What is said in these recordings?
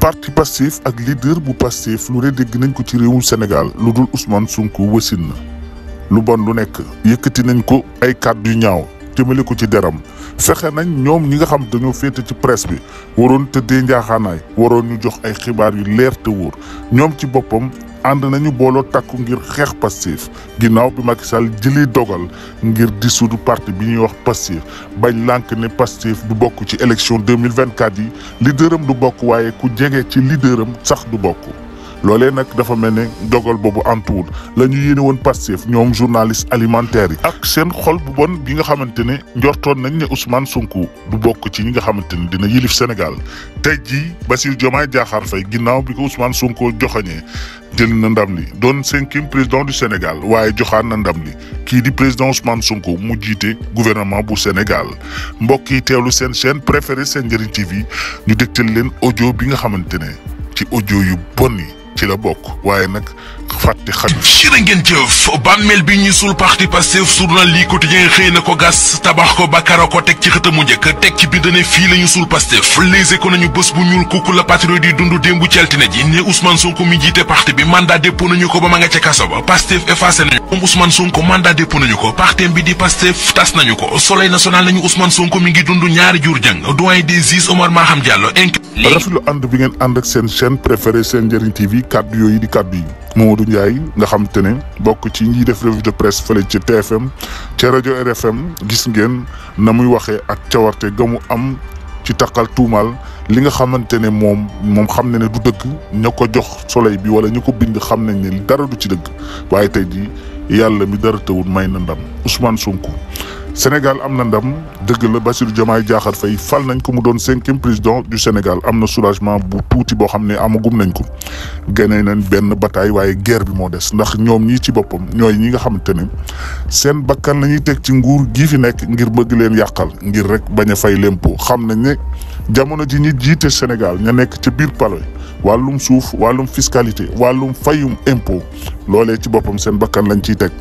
parti Pastef ak leader bu Pastef lu ne dégg nañ ko ci réewum Sénégal lu dul Ousmane Sonko wasin lu bon lu nekk yëkkati nañ ko ay kàddu yu ñaaw jëmale ko ci deram fexe nañ ñoom ñi nga xam dañoo féete ci presse bi waroon tëddee njaaxaanaay waroon ñu jox ay xibaar yu leer te wóor ñoom ci boppam ànd nañu booloo takku ngir xeex pastif ginnaaw bi Macky Sall jëlee dogal ngir di dissoudre parti bi ñuy wax Pastef bañ lànk ne pastif du bokk ci élection 2024 yi leaderam du bokk waaye ku jege ci leaderam sax du bokk loolee nag dafa mel ne dogal boobu antuwul la ñu yéene woon Pastef ñoom journaliste alimentaire yi ak seen xol bu bon bi nga xamante ne njortoon nañ ne Ousmane sunku bu bokk ci ñi nga xamante ne dina yilif Sénégal tey jii basi Diomaye Diakhar Faye ginnaaw bi ko Ousmane Sonko joxañee jël na ndam li doon cinquième président du Sénégal waaye joxaan na ndam li kii di président Ousmane Sonko mu jiite gouvernement bu Sénégal mbokk yi teewlu seen chaîne préférée seen njëriñ TV ñu dégtal leen audio bi nga xamante ne ci audio yu bon yi ci la bokk waaye nag fàtte xam jërë ngeen jëf bàmmeel bi ñu na ko gas tabax ko bakara ko teg ci xëtamu njëkk teg ci bi dane fii la ñu suul Pastef les éco nañu bés bu ñuul kukku la patriote yi dund démb ci ji ne Ousmane Sonko mi jiite parti bi mandat dépôt nañu ko ba ma nga ca kaso ba Pastef effacé nañu moom Ousmane Sonko mandat dépôt nañu ko parti bi di Pastef tas nañu ko soleil national nañu Ousmane Sonko mi ngi dund ñaari jur jàng doyen des juges Omar Maham léegi lu ànd bi ngeen ànd ak seen chaîne préférée seen njëriñ TV kàddu yooyu di kaddu yi Mamadou Ndiaye nga xam ne bokk ci ñiy def revue de presse fële ca TFM ca rajo RFM gis ngeen na muy waxee ak cawarte ga mu am ci takkal tuumaal li nga xamante ne moom moom xam ne ne du dëgg ña ko jox soleil bi wala ñu ko bind xam nañ ne dara du ci dëgg waaye tey ji yàlla mi dara tawul may na ndam Ousmane Sonko Sénégal am na ndam dëgg la Bassirou Diomaye Diakhar Faye fal nañ ko mu doon cinquième président du Sénégal am na souragement bu tuuti boo xam ne amagum nañ ko gagné nañ benn bataille waaye guerre bi moo des ndax ñoom ñii ci boppam ñooy ñi nga xamante ne seen bakkan lañuy teg ci nguur gii fi nekk ngir bëgg leen yàqal ngir rek bañ a fay lempo xam nañ ne jamono ji ñi jiite Sénégal ña nekk ci biir palais wàllum suuf wàllum fiscalité wàllum fayum impôt loole ci boppam seen bakkan lañ ciy teg.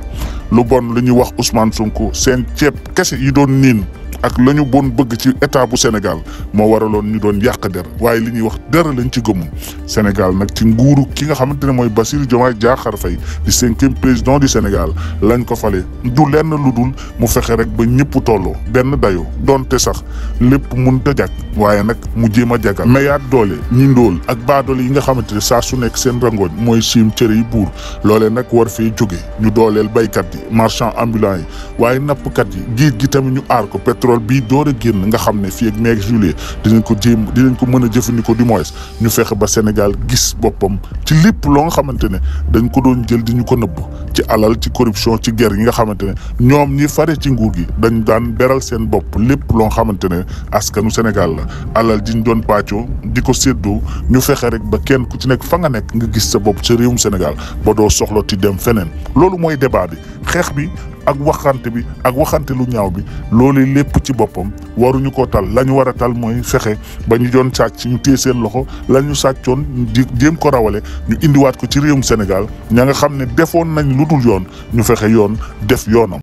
lu bon lu ñuy wax usmaan Sonko seen ceeb kese yi doon niin ak la ñu bon bëgg ci état bu Sénégal moo waraloon ñu doon yàq der waaye li ñuy wax dara lañ ci gëmul Sénégal nag ci nguuru ki nga xamante ne mooy Bassirou Diomaye Diakhar Faye di cinquième président du Sénégal lañ ko fale du lenn lu dul mu fexe rek ba ñëpp tolloo benn dayoo donte sax lépp mun ta jag waaye nag mu jéem a jagal mayaat doole ñi ndóol ak baadoole yi nga xamante ne saa su nekk seen rangooñ mooy siim cër yi buur loolee nag war fee jóge ñu dooleel baykat yi marchand ambulant pétrole bii door a génn nga xam ne fi ak mai ak juillet dinañ ko jéem dinañ ko mën a jëfandikoo du moins ñu fexe ba Sénégal gis boppam ci lépp loo nga xamante ne dañ ko doon jël di ñu ko nëbb ci alal ci corruption ci guerre yi nga xamante ne ñoom ñi fare ci nguur gi dañ daan beral seen bopp lépp loo nga xamante ne askanu Sénégal la alal ji ñu doon pàccoo di ko séddoo ñu fexe rek ba kenn ku ci nekk fa nga nekk nga gis sa bopp sa réewum Sénégal ba doo soxla ti dem feneen loolu mooy débat bi xeex bi ak waxante bi ak waxante lu ñaaw bi loolu lépp ci boppam waruñu ko tal la ñu war a tal mooy fexe ba ñu doon sàcc ñu téye seen loxo la ñu sàccoon di jéem ko rawale ñu indiwaat ko ci réewum Sénégal ña nga xam ne defoon nañ lu dul yoon ñu fexe yoon def yoonam.